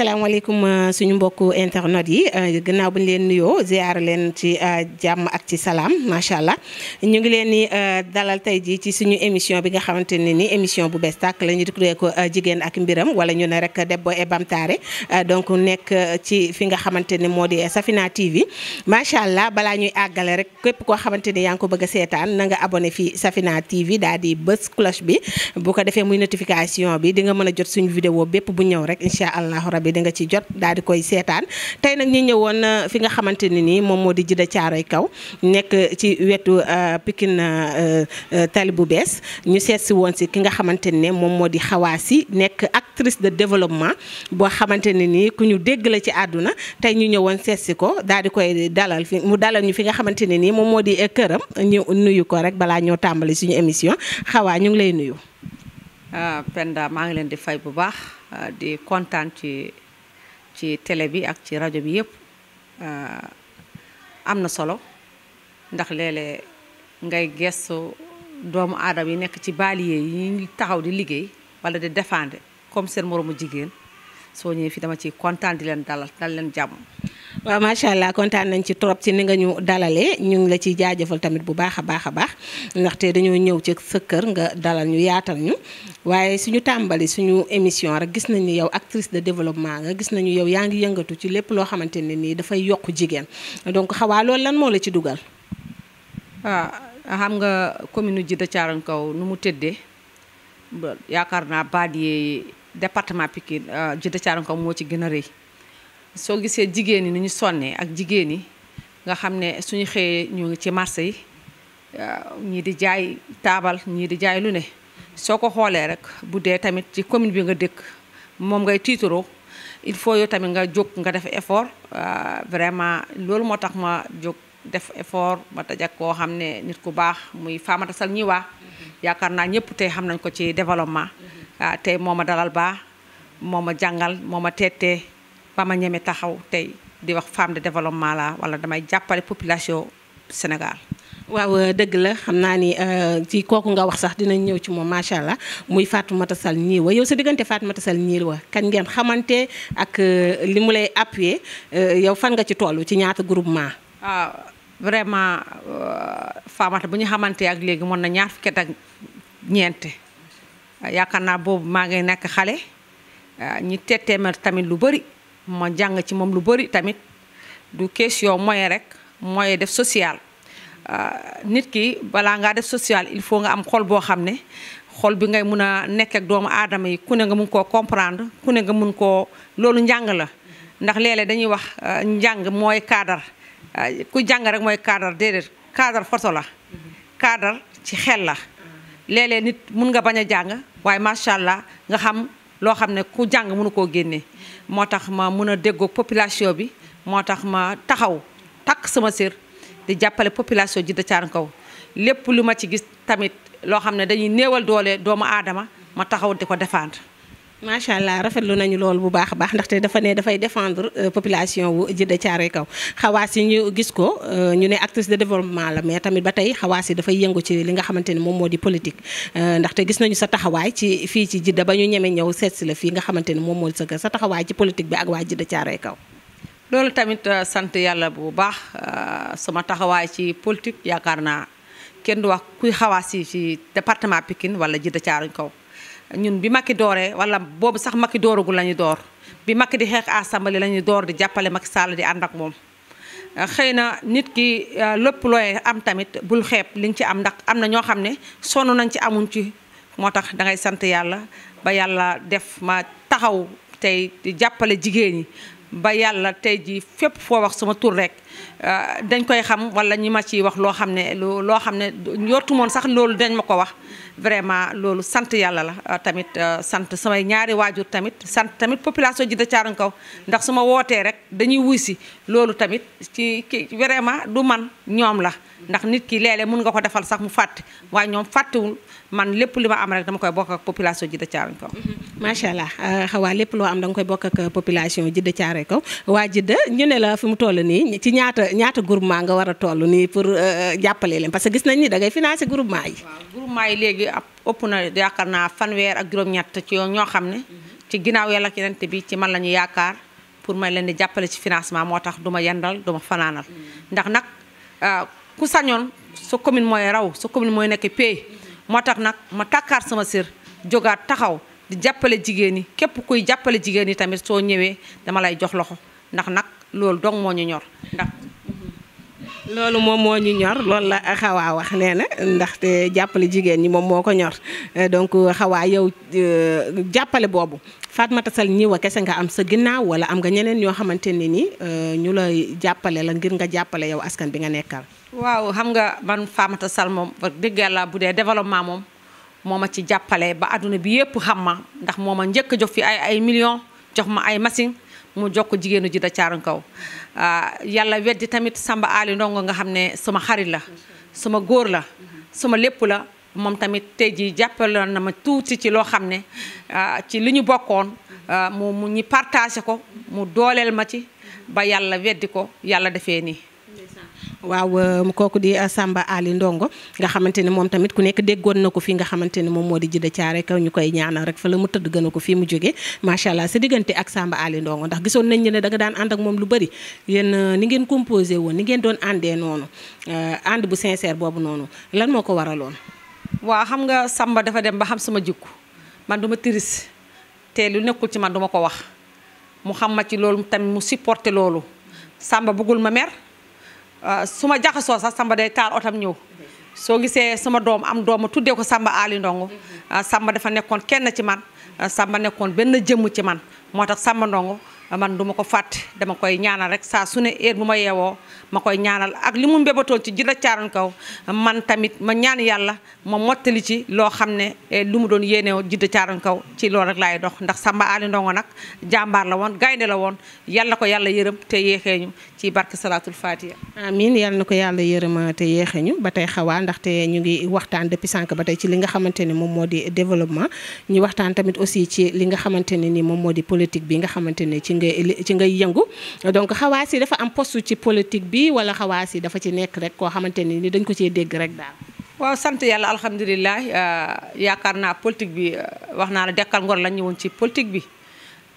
asalaamaaleykum euh, suñu mbokku internet yi euh, gannaaw bu ñu leen nuyoo ziar leen ci euh, jàmm ak ci salaam macha allah ñu ngi leen ni dalal tey jii ci suñu émission bi nga xamante ne ni émission bu bees tàkk la ñu tuddee ko jigéen ak mbiram wala ñu ne rek Debbo et Bamtare donc nekk ci fi nga xamante ne moo di Safina TV macha allah balaa ñuy àggale rek képp koo xamante ni yaa ngi ko bëgg seetaan na nga abonné fi Safina TV daal di bës cloche bi bu ko defee muy notification bi di nga mën a jot suñu vidéo bépp bu ñëw rek incha allah rabi bi nga ci jot daal di koy seetaan tey nag ñu ñëwoon euh, fi nga xamante ne nii moom moo di jidda caaroy kaw nekk euh, ci wetu euh, Pikine tali bu bees ñu seet si woon si ki nga xamante ne moom moo di Hawaasi nekk actrice de développement boo xamante ne nii ku ñu dégg la ci àdduna tey ñu ñëwoon seet si ko daal di koy dalal fi mu dalal ñu fi nga xamante ne nii moom moo di këram ñu nuyu ko rek balaa ñoo tàmbali suñu émission xawaa ñu ngi lay nuyu Euh, Penda maa ngi leen di fay bu baax euh, di kontaan ci ci télé bi ak ci rajo bi yëpp euh, am na solo ndax léeg ngay gestu doomu aadama yi nekk ci banlieue yi ñu taxaw di liggéey wala di défendre comme seen moroomu jigéen soo ñëwee fii dama ciy kontaan di leen dalal dal leen jàmm waaw macha allah kontaan nañ ci trop ci ni nga ñu dalale ñu ngi la ci jaajëfal tamit bu baax a baax a baax ndaxte dañoo ñëw ci sa kër nga dalal ñu yaatal ñu waaye suñu tàmbali suñu émission rek gis nañu yow actrice de développement nga gis nañu yow yaa ngi yëngatu ci lépp loo xamante ne nii dafay yokk jigéen donc xawaa lool lan moo la ci dugal. Ah, xam nga commune Djiddah Thiaroye Kaw nu mu tëddee yaakaar naa baat yi département Pikine ah, Djiddah Thiaroye Kaw moo ci gën a rëy. soo gisee jigéen ñi ni ñu sonnee ak jigéen ñi nga xam ne suñu xëyee ñu ngi ci marché yi ñii di jaay taabal ñii di jaay lu ne soo ko xoolee rek bu dee tamit ci commune bi nga dëkk moom ngay tiituroo il faut yow tamit nga jóg nga def effort vraiment loolu moo tax ma jóg def effort ma tajak koo xam ne nit ku baax muy Famata Sall ñi waa mm-hmm. yaakaar naa ñëpp tey xam nañ ko ci développement mm-hmm. ah, tey moom ma dalal baax moo ma jàngal moo ma teetee Kamanya ñëmé taxaw tay di wax femme de développement la wala damay jappalé population Sénégal waaw deug la xamna naa ni euh, ci koku nga wax sax dina ñew ci machallah muy Fatoumata Sall ñii wa yow sa diggante Fatoumata Sall kan ngeen xamanté ak euh, li mu lay appuyer euh, yow fan nga ci tollu ci ñaata groupement. ah vraiment Famata bu ñu xamante ak légui mon na ñaar fukki ak ñenté yakarna bobu ma ngay nek xalé ñi tamit lu bari ma jang ci mom lu bari tamit du question moyen rek moyen def social ah, nit ki bala nga def social il faut nga am xol bo xamne xol bi ngay muna nek ak doomu aadama yi ku ne nga mun ko comprendre ku ne nga mun ko loolu jang la ndax lele dañuy wax ah, jang moy cadre ah, ku jang rek moy cadre dedet cadre photo la cadre ci xel la lele nit mun nga baña jang waye machallah nga xam loo xam ne ku jàng mënu koo génnee moo tax ma mën a déggoo population bi moo tax ma taxaw takk sama sér di jàppale population de Thiaroye Kaw lépp lu ma ci gis tamit loo xam ne dañuy néewal doole doomu aadama ma taxaw di ko défendre macha allah rafetlu nañu loolu bu baax a baax ndaxte dafa ne dafay défendre euh, population wu Djiddah Thiaroye Kaw xawaas yi ñu gis ko euh, ñu ne actrice de développement la mais tamit ba tey xawaas yi dafay yëngu ci li nga xamante ni moom moo di politique euh, ndaxte gis nañu sa taxawaay ci fii ci Djiddah ba ñu ñeme ñëw seet la fii nga xamante ni moom moo sa sa taxawaay ci politique bi ak waa Djiddah Thiaroye Kaw loolu tamit sant yàlla bu baax sama taxawaay ci politique yaakaar naa kenn du wax kuy xawaas yi ci département Pikine wala Djiddah Thiaroye Kaw ñun bi Macky dooree wala boobu sax Macky dooragul la ñu door bi Macky di xeex assemblée la ñu door di jàppale Macky Sall di ànd ak moom euh, xëy na nit ki euh, lépp looy am tamit bul xeeb li nga ci am ndax am na ñoo xam ne sonn nañ ci amuñ ci moo tax dangay sant yàlla ba yàlla def ma taxaw tey di jàppale jigéen ñi ba yàlla tey jii fépp foo wax suma tur rek euh, dañ koy xam walla ñi ma ciy wax loo xam ne lu loo xam ne yottu moon sax loolu dañ ma ko wax vraiment loolu sant yàlla la euh, tamit euh, sant samay ñaari waajur tamit sant tamit population ji da caaran kaw ndax su ma wootee rek dañuy wuy si loolu tamit ci vraiment du man ñoom la ndax nit ki léeg mun nga ko defal sax mu fàtte waaye ñoom fàttewul man lépp li ma am rek dama koy bokk ak population Djiddah Thiaroye Kaw mm-hmm. macha allah euh, xawaa lépp loo am danga koy bokk ak euh, population Djiddah Thiaroye Kaw waa Djiddah ñu ne la fi mu toll nii ci ñaata ñaata groupement nga war a toll nii pour euh, jàppale leen parce que gis nañ ni dangay ngay financé groupement yi groupement yi léegi ab ëpp na yaakaar naa fanweer ak juróom-ñett ci ñoo xam ne mm-hmm. ci ginnaaw yàlla ci nante bi ci man la ñu yaakaar pour may leen di jàppale ci financement moo tax du ma yendal du ma mm-hmm. ndax nag ku sañoon sa commune mooy raw sa commune mooy nekk pay moo tax nag ma takkaat sama sér jógaat taxaw di jàppale jigéen ñi képp kuy jàppale jigéen ñi tamit soo ñëwee dama lay jox loxo ndax nag loolu dong moo ñu ñor ndax loolu moom moo ñu ñor loolu la xawaa wax nee na ndaxte jàppale jigéen ñi moom moo ko ñor eh, donc xawaa yow eh, jàppale boobu Fatmata Sall ñi wa kese nga am sa ginnaaw wala am nga ñeneen ñoo xamante ne ni eh, ñu lay jàppale la ngir nga jàppale yow askan bi nga nekkal waaw xam nga man Famata Sall moom wax dëgg yàlla bu dee développement moom moo ma ci jàppale ba àdduna bi yépp xam ma ndax moom ma njëkk a jox fi ay ay millions jox ma ay machine mu jox ko jigéenu ji da caaran kaw ah, yàlla weddi tamit Samba Ali Ndongo nga xam ne sama xarit la sama góor la suma lépp la moom tamit tey jii jàppale na ma tuuti ci loo xam ne ah, ci li ñu bokkoon ah, mu mu ñu partagé ko mu dooleel ma ci ba yàlla weddi ko yàlla defee nii waaw euh, kooku di euh, Samba Ali Ndongo nga xamante ni moom tamit ku nekk déggoon na ko fii nga xamante ni moom moo di jidda caare kaw ñu koy ñaanal rek fa la mu tëdd gën ko fii mu jógee macha allah sa diggante ak Samba Ali Ndongo ndax gisoon nañ ne danga nga daan ànd ak moom lu bëri yéen euh, ni ngeen composé woon ni ngeen doon àndee noonu ànd bu sincère boobu noonu lan moo ko waraloon. waa xam nga sàmba dafa dem ba xam sama jikko man du ma tiris te lu nekkul ci man duma ko wax mu xam ma ci loolu tamit mu supporté loolu Samba bëggul ma mer. Ah, su ma jaxasoo sax Samba day taal otam ñëw soo gisee sama doom am doom ma tuddee ko sàmba Ali Ndongo ah, Samba dafa nekkoon kenn ci man ah, Samba nekkoon benn jëmm ci man moo tax Samba Ndongo man du ma ko fàtte dama koy ñaanal rek saa su ne heure bu ma yeewoo ma koy ñaanal ak li mu mbébatoon ci Djilor Caaroy Kaw man tamit ma ñaan yàlla ma mottali ci loo xam ne eh, lu mu doon yéenew Djilor Caaroy Kaw ci loolu rek laay dox ndax Samba Ali Ndongo nag jàmbaar la woon gaynde la woon yàlla ko yàlla yërëm te yéexeeñu ci barke salaatul fatiha amin yàlla na ko yàlla yërëm ah, te ñu ba tey xawaa ndaxte ñu ngi waxtaan depuis sànq ba tey ci li nga xamante ne moom moo di développement ñu waxtaan tamit aussi ci li nga xamante ne ni moom moo di politique bi nga xamante ngay ci ngay yëngu donc xawaas yi dafa am poste ci politique bi wala xawaas yi dafa ci nekk rek koo xamante ni ni dañ ko cee dégg rek daal waaw sant yàlla alhamdulilah euh, yaakaar naa politique bi euh, wax naa la dekkal ngor lañ ñëwoon ci politique bi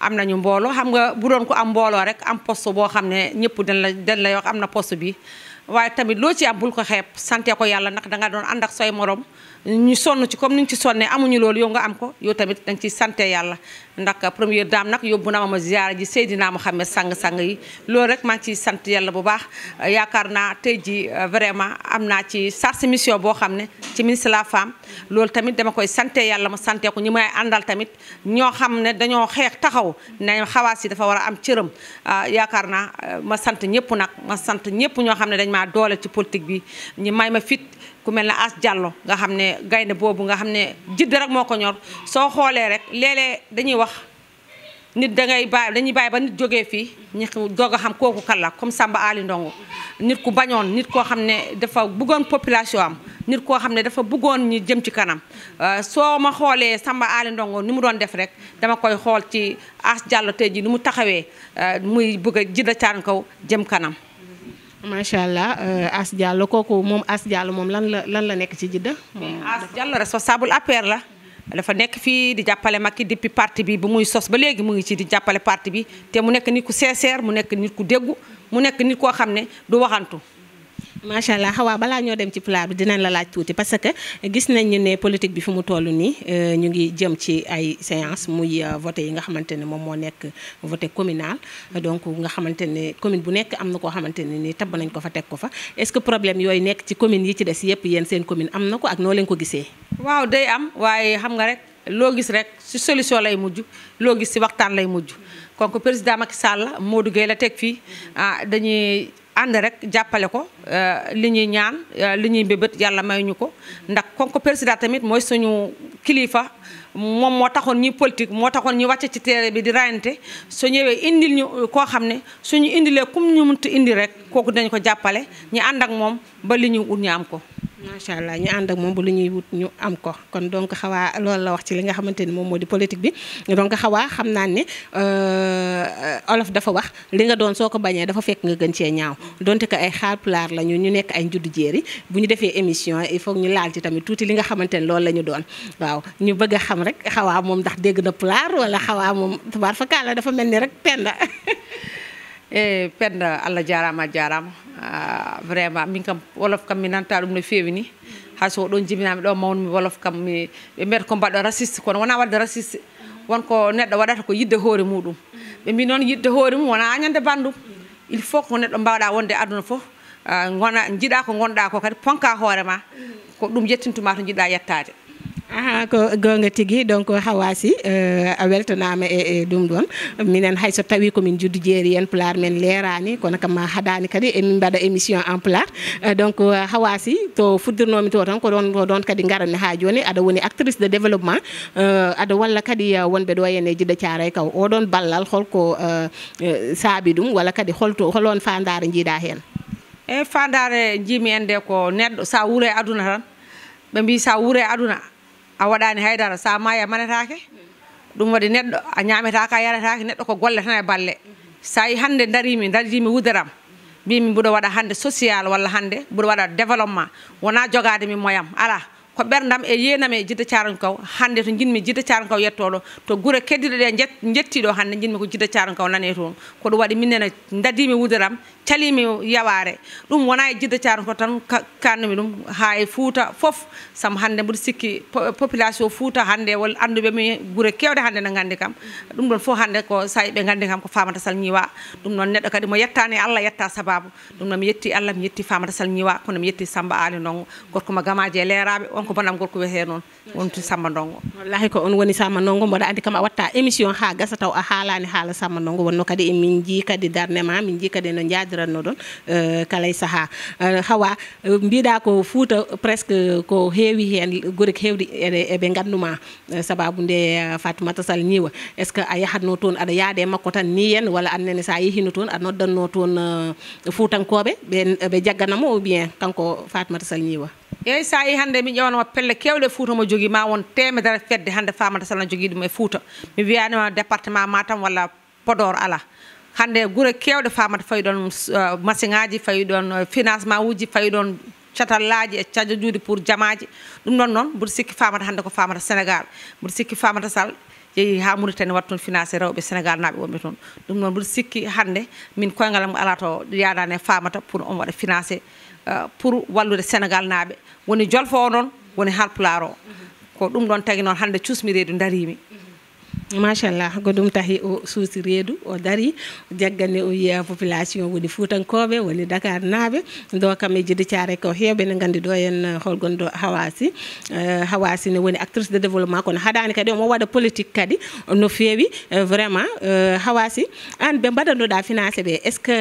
am nañu mbooloo xam nga bu doon ko am mbooloo rek am post boo xam ne ñëpp dañ la dañ lay wax am na poste bi waaye tamit loo ci am bul ko xeeb sante ko yàlla ndax danga doon ànd ak say morom ñu sonn ci comme ni ñu ci sonnee amuñu loolu yow nga am ko yow tamit danga ci sante yàlla ndax première dame nag yóbbu na ma ziyaara ji Seydina Mouhamed sang-sang yi loolu rek maa ciy sant yàlla bu baax yaakaar naa tey ji euh, vraiment am naa ci sarsi mission boo xam ne ci ministre la femme loolu tamit dama koy sante yàlla ma sante ko ñu may àndal tamit ñoo xam ne dañoo xeex taxaw ne xawaas yi dafa war a am cëram euh, yaakaar naa euh, ma sant ñëpp nag ma sant ñëpp ñoo xam ne dañ maa doole ci politique bi ñi may ma fit ku mel ne As jàlloo nga xam ne gaynde boobu nga xam ne jidd moo ko ñor nit dangay bàyyi dañuy bàyyi ba nit jógee fii ñu doog a xam kooku kan la comme sàmba Ali Ndongo nit ku bañoon nit koo xam ne dafa bëggoon population am nit koo xam ne dafa bëggoon ñu jëm ci kanam euh, soo ma xoolee Samba Ali Ndongo ni mu doon def rek dama koy xool ci As Diallo tey ji ni mu taxawee euh, muy bëgg a jidda caan kaw jëm kanam macha allah euh, As Diallo kooku moom As Diallo moom lan la lan la nekk ci jidda As Diallo responsable APR la dafa nekk fii di jàppale mag Macky depuis parti bi bu muy sos ba léegi mu ngi ci di jàppale parti bi te mu nekk nit ku sincère mu nekk nit ku déggu mu nekk nit koo xam ne du waxantu macha allah xawaa balaa ñoo dem ci plat bi dinañ la laaj tuuti parce que gis nañ ñu ne politique bi fu mu toll nii euh, ñu ngi jëm ci ay séance muy euh, voté yi nga xamante ne moom moo nekk voté communal donc nga xamante ne commune bu nekk am na koo xamante ne nii tabb nañ ko fa teg ko fa est-ce que problème yooyu nekk ci commune yi ci des yëpp yéen seen commune am na ko ak noo leen ko gisee. waaw day am waaye xam nga rek loo gis rek ci solution lay mujj loo gis ci waxtaan lay mujj kon président Macky Sall Modou Gueye ànd rek jàppale ko euh, li ñuy ñaan euh, li ñuy mbébét yàlla may ñu ko ndax kon ko président tamit mooy suñu kilifa moom moo taxoon ñi politique moo taxoon ñu wàcce ci terrain bi di rayante su ñëwee indil ñu koo xam ne suñu indilee kum ñu mënti indi rek kooku dañu ko jàppale ñu ànd ak moom ba li ñu ut ñu am ko macha allah ñu ànd ak moom ba lu ñuy wut ñu am ko kon donc xawaa loolu la wax ci li nga ni moom di politique bi donc xawaa xam naa ne euh, olof dafa wax li nga doon soo ko dafa fekk nga gën cee ñaaw donte que ay xaal pulaar la ñu ñu nekk ay njudd jéeri bu ñu defee émission il faut ñu laal ci tamit tuti li nga xamante ni loolu la ñu doon waaw ñu bëgg xam rek ndax dégg na wala xawaa moom tubaar dafa mel rek penda eh penda alla jarama jarama Ah, vraiment min kam wolof kam mi nanta ɗum no fewi ni ha so ɗon jibinami ɗo mawnmi wolof kam mi ɓe mbiyata ko mbaɗɗo raciste kono wona wadde raciste wonko neɗɗo waɗata ko yidde hoore muɗum ɓe mbi noon yidde hoore mum wona añande bandum il faut ko neɗɗo mbawɗa wonde aduna foof ah, gona jiiɗa ko gonɗa ko kadi ponka hoorema ko ɗum yettintuma to jiiɗa yettade aha ko gonga tigui donc hawasi euh, a weltanama e, e ɗum ɗon minen hayso tawi komin juddu jeeri en pular men leerani kono kam ma haɗani kadi emin mbaɗa émission en pular euh, donc euh, hawasi to fuddirnomi to tan ko ɗon to ɗon kadi garani ha joni aɗa woni actrice de développement aɗa walla kadi wonɓe ɗo yene jidda thiaray kaw oɗon ballal holko saabi ɗum walla kadi holto holon fandare jiiɗa hen eyyi fandare jiimi en nde ko neɗɗo sa wuure aduna tan ɓe mbi sa wuure aduna a waɗani haydara sa ma ya manetake ɗum waɗi ned a ñametaka a yaratake neɗɗo ko golle tan e balle sa yi hannde darimi darjimi wuderam mbimi mbiɗo waɗa hande social walla hande mbiɗo waɗa development. wona jogade min moyam ala ko ɓerdam e yenami e jidda caron kaw hannde to jinmi jidda caron kaw yettoɗo to guure keddiɗo ɗe jettiɗo hannde jinmi ko jidda caron kaw nane toon koɗum waɗi minnene dadimi wudaram calimi yaware ɗum wona e jidda caron kaw tan kannumi ɗum ha e fuuta foof sabu hannde mbiɗa sikki population fuuta hannde wol anduɓemi guure kewɗe hannde ne gandi kam ɗum ɗon foof hannde ko sa ɓe gandi kam ko famata sal ñiwa ɗum noon neɗɗo kadi mo yettani allah yetta sababu ɗum noon mi yetti allah mi yetti famata sal ñiwa kono mi yetti samba ali noon gorkoma gamaji e leraɓe on kanko bonam gorko we noon wonti samba ndongo wallahi ko on woni samba ndongo mboɗa andi kam a watta émission ha gasa taw a haalani haala samba ndongo wonno kadi emin ji kadi darde ma min ji kadi no jadiranno ɗon eh, kala e saaha eh, hawa eh, mbiɗa ko fouta presque ko heewi hen gori hewɗi eɓe ganduma sababu nde fatimata sall niwa est ce que a yahatno toon aɗa yaade e makko tan ni yen walla annene sa yehino toon a noddanno toon fuutankoɓe ɓe jagganamo ou bien kanko fatimata sall niwa eyyi sa yi hannde mi ƴewanoma pelle kewɗe e fouta mo jogui ma won temedere fedde hannde famata sana jogui ɗum e fouta mi wiyanima département matam walla podor ala hannde guure kewɗe famata fawi ɗon uh, machine aji fawi ɗon uh, financement uji fawi ɗon catallaji e cajo juude pour jamaji ɗum ɗon noon mboɗo sikki famata hannde ko famata sénégal mboɗo sikki famata sal yeehi ha mouritani wat toon financé rewɓe sénégal naaɓe wonɓe toon ɗum noon mboɗo sikki hannde min koyngal m ala to yaɗani e famata pour on waɗa financé Euh, pour wallude sénégal naaɓe woni jolfo o noon woni halpular o ko ɗum ɗon tagi noon hannde cuusmi reedu darimi machallah ko ɗum tahi o suusi reedu o dari jaggani o yiya population woni fuutankooɓe woni dakar naaɓe do kam e jidi caare ko heewɓe ne nganndi ɗo en eh, holgonɗo hawasi eh, hawasi ne woni actrice de développement kono haɗani kadi omo waɗa politique kadi no feewi eh, vraiment hawasi aan ɓe mbaɗanoɗa financé ɓe est ce que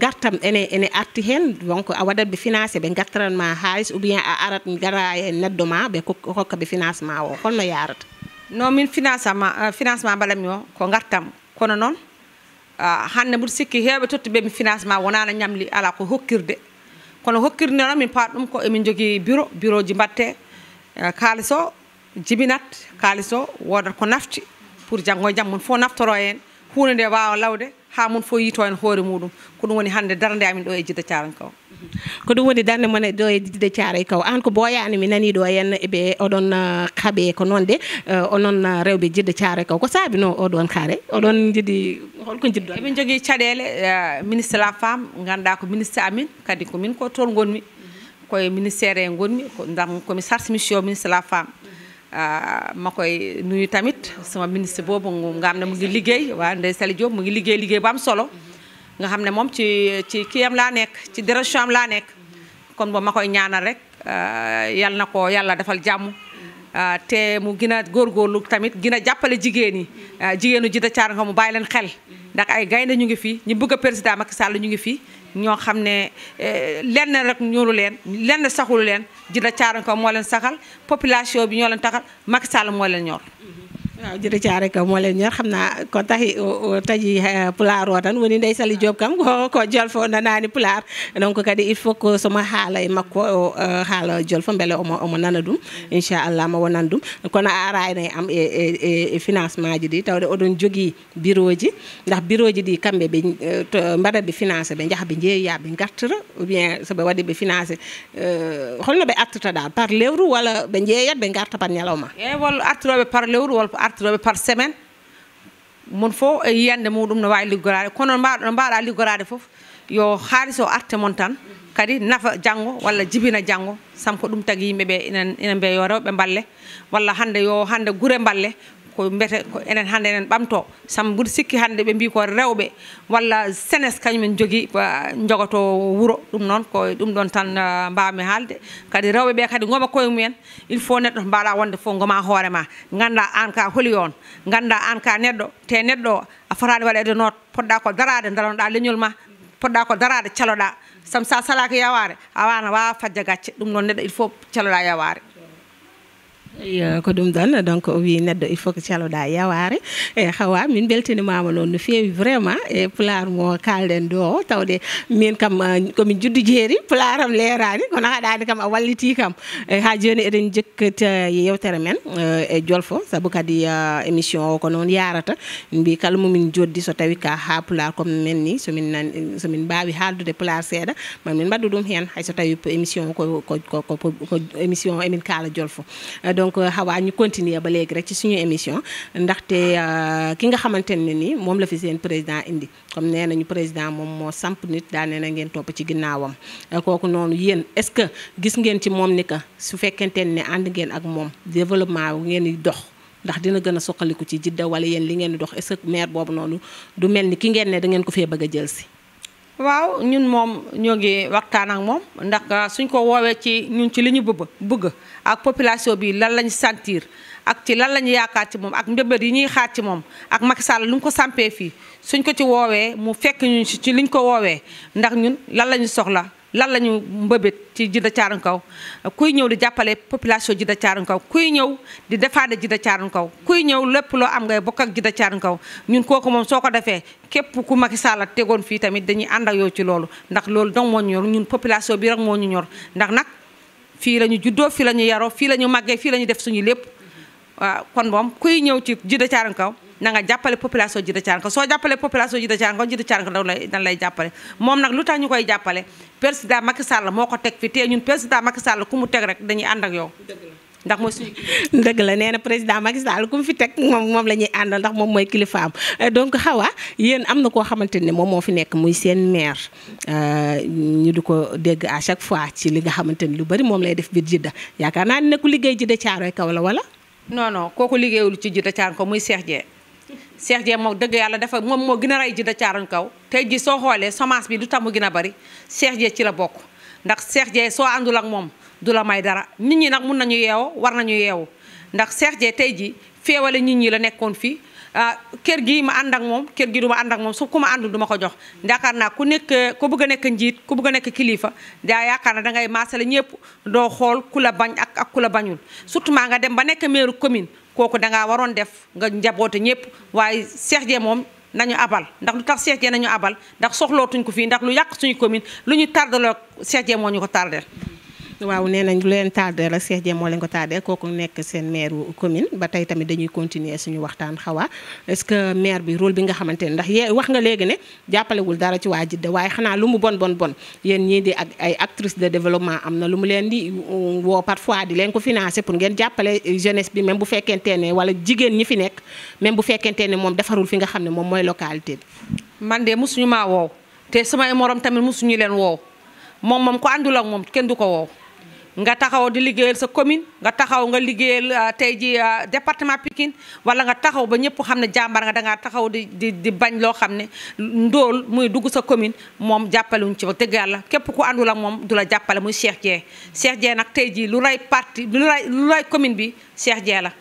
gartam ene ene arti hen donc a waɗat ɓe financé ɓe gartaranma haalis ou bien a arat gara e neɗɗo ma ɓe hokka ɓe financement o holno yarata non min financema euh, financement mbaɗami o ko gartam kono noon euh, hande mboɗo sikki hewɓe tottiɓe mi financement wonano ñamli ala ko hokkirde kono hokkirde noon min paat ɗum ko emin jogui bureau bureau ji mbatte euh, kaalis o jibinat kaalis o wodat ko nafti pour janggo e jaam mum fo naftoro hen hunde nde wawa lawde ha mon fo yito hen hoore muɗum ko ɗum woni hande darde amin ɗo e jidda carankaw ko ɗum woni darde mone ɗo e jidda caara kaw an ko boyani mi nani ɗo en eɓe oɗon uh, kaaɓe ko nonde uh, onon uh, rewɓe jidda caara kaw ko saabino oɗon kaare oɗon jiɗi holko jiɗɗo eɓe jogui caɗele ministre la femme ganduɗa ko ministre amin kadi ko min ko toon gonmi koye ministére e gonmi ko ndam komi sarse mission ministre la femme Ah, ma koy nuyu tamit sama ministre boobu nga am ne mu ngi liggéey waa Ndeye Sali Diop mu ngi liggéey liggéey bu am solo nga xam ne moom ci ci kii am laa nekk ci direction am laa nekk kon ba ma koy ñaanal rek ah, yal na ko yàlla defal jàmm ah, te mu gën góor góorlu tamit gën a jàppale jigéen yi jigéenu Djiddah Thiaroye Ngom mu bàyyi leen xel ndax ay gaynde ñu ngi fi ñu bëgg a président Macky Sall ñu ngi fi ñoo xam ne eh, lenn rek ñuulu leen lenn saxulu leen jidda caaran ko moo leen saxal population bi ñoo leen taxal Macky Sall moo ñor waaw ci arek ka mo len ñar xamna ko tahi taji pular wotan woni ndey sali job kam ko ko jolfo nanani pular donc kadi il faut que sama hala e makko hala jolfo mbele o mo o mo nana dum inshallah ma wonan dum kono ara ene am e e, e e financement ji di de odon jogi bureau ji ndax bureau ji di kambe bi e, mbada be financer be jax be jeeya be gartira ou bien so be wadi be financer holno be ta dal par lewru wala be ya be garta par nyalawma e eh, be par lewru wal artiroɓe par semaine mon fof e yiyande muɗum no wawi liggoraade kono mbaɗo no mbaɗa liggoraade fof yo haaliso arte mon tan kadi nafa janngo walla jibina janngo sam ko ɗum tagi yimɓeɓe ina mbiya yo rewɓe mballe walla hande yo hande gure mballe ko mbiyete ko enen hannde enen ɓamto sam mbuɗi sikki hannde ɓe mbi ko rewɓe walla senes kañumen jogui jogoto wuuro ɗum noon ko ɗum ɗon tan uh, mbawmi haalde kadi rewɓe ɓe kadi gooma koye mumen il faut neɗɗo mbaɗa wonde fof gooma hoore ma ganda an ka holi on ganda an ka neɗɗo te neɗɗo o a fotaɗe waɗede note poɗɗa ko darade daranoɗa leñol ma poɗɗa ko darade caloɗa sam sa salaka yaware awana wawa fajja gacce ɗum noon neɗɗo il faut caloɗa yaware Ya, ko dum ɗon donc wi neɗɗo il faut que da yaware e hawa min mama non no fewi vraiment e pular mo kalden do tawde min kam eh, ko min juddi jeri pular am ko kono haɗani kam a walliti kam ha joni eɗen jekkata eh, yewtere men eh, e jolfo sabu kadi emission ko non yarata bi kalmu min joddi so tawi ka ha pular comme men ni min baawi haldude haaldude seeda ma min baddu dum hen so tawi emission ko ko ko émission emin kaala jolfo donc donc xawaa euh, ñu continuer ba léegi rek ci suñu émission ndaxte euh, ki nga xamante ne ni moom la fi seen président indi comme nee nañu président moom moo samp nit daa na ngeen topp ci ginnaawam euh, kooku noonu yéen est-ce gis ngeen ci moom ni que su fekkente ne ànd ngeen ak moom développement bu ngeen di dox ndax dina gën a soqaliku ci jidda wala yéen li ngeen di dox est-ce boobu noonu du mel ni ki ngeen ne da ngeen ko fee bëgg a jël si waaw ñun moom ñoo ngi waxtaan ak moom ndax ah, suñ ko woowee ci ñun ci li ñu bëgg bugg ak population bi lan lañ sentir ak ci lan lañu yaakaar ci moom ak mbébét yi ñuy xaar ci moom ak Macky Sall lu mu ko sampee fii suñ ko ci woowee mu fekk ñun ci liñ ko woowee ndax ñun lan lañu soxla lan la ñu mbëbét ci Djiddah Thiaroye Kaw kuy ñëw di jàppale population Djiddah Thiaroye Kaw kuy ñëw di défendre Djiddah Thiaroye Kaw kuy ñëw lépp loo am ngay bokk ak Djiddah Thiaroye Kaw ñun kooku moom soo ko defee képp ku Macky Sall tegoon fii tamit dañuy ànd ak yow ci loolu ndax loolu dong moo ñu ñor ñun population bi rek moo ñu ñor ndax nag fii la ñu juddoo fii la ñu yaroo fii la ñu màggee fii la def suñu lépp waaw kon moom kuy ñëw ci Djiddah Thiaroye Kaw nanga nga jàppale population Djiddah Thiaroye soo jàppale population Djiddah Thiaroye Djiddah Thiaroye dañ lay jàppale moom nag lu tax ñu koy jàppale président Macky Sall moo ko teg fi te ñun président Macky Sall ku mu teg rek dañuy ànd ak ndax mooy suñu dëgg la nee na président Macky Sall ku fi teg moom moom la ñuy àndal ndax moom mooy kilifaam euh, donc xawa yéen am na koo xamante ne moom moo fi nekk muy seen maire euh, ñu di ko dégg à chaque fois ci li nga xamante ni lu bari moom lay def biir Jidda yaakaar naa ne ku liggéey Jidda Caaroy kaw la wala non kooku liggéeyul ci Jidda Caaroy ko muy Cheikh jee Cheikh Dieng moom dëgg yàlla dafa moom moo gën a rey ji da caaroon kaw tey ji soo xoolee semence bi du tam mu a bari Cheikh Dieng ci la bokk ndax Cheikh Dieng soo àndul ak moom du la may dara nit ñi nag mun nañu yeewoo war nañu yeewu ndax Cheikh Dieng tey ji féewale nit ñi la nekkoon fii ah, kër gi ma ànd ak moom kër gi du ma ànd ak moom su ku ma àndul du ma ko jox yaakaar naa ku nekk ku bëgg a nekk njiit ku bëgg a nekk kilifa daa yaakaar na dangay la ñëpp doo xool ku la bañ ak ak ku bañul commune kooku dangaa waroon def nga njaboote ñëpp waaye Cheikh Dieng moom nañu abal ndax lu tax Cheikh Dieng nañu abal ndax soxlootuñ ko fii ndax lu yàq suñu commune lu ñu tardaloo Cheikh Dieng moo ñu ko tardel waaw nee nañ lu leen tardé rek Cheikh Dieng moo leen ko tardé kooku nekk seen maire commune ba tey tamit dañuy continuer suñu waxtaan xawaa est-ce que maire bi rôle bi nga xamante ne ndax yee wax nga léegi ne jàppalewul dara ci waa Jidda waaye xanaa lu mu bon bon bon yéen ñii di ak ay actrice de développement am na lu mu leen di mm, woo parfois di leen ko financer pour ngeen jàppale jeunesse bi même bu fekkentee ne wala jigéen ñi fi nekk même bu fekkentee ne moom defarul fi nga xam ne moom mooy localité bi man de mosuñu maa woow te samay morom tamit mosuñu leen woow moom moom ko andul ak moom kenn du ko woow nga taxaw di liggéeyal sa commune nga taxaw nga liggéeyal ah, tay ji ah, département Pikine wala nga taxaw ba xamne jambar nga da nga taxaw di di di bañ lo xamne ne muy dugg sa commune mom jappaluñ ci ba dëgg yàlla képp ku andul ak mom dula la muy Cheikh Dieng Cheikh Dieng nak tay ji lu ray parti lu ray lu ray commune bi Cheikh Dieng la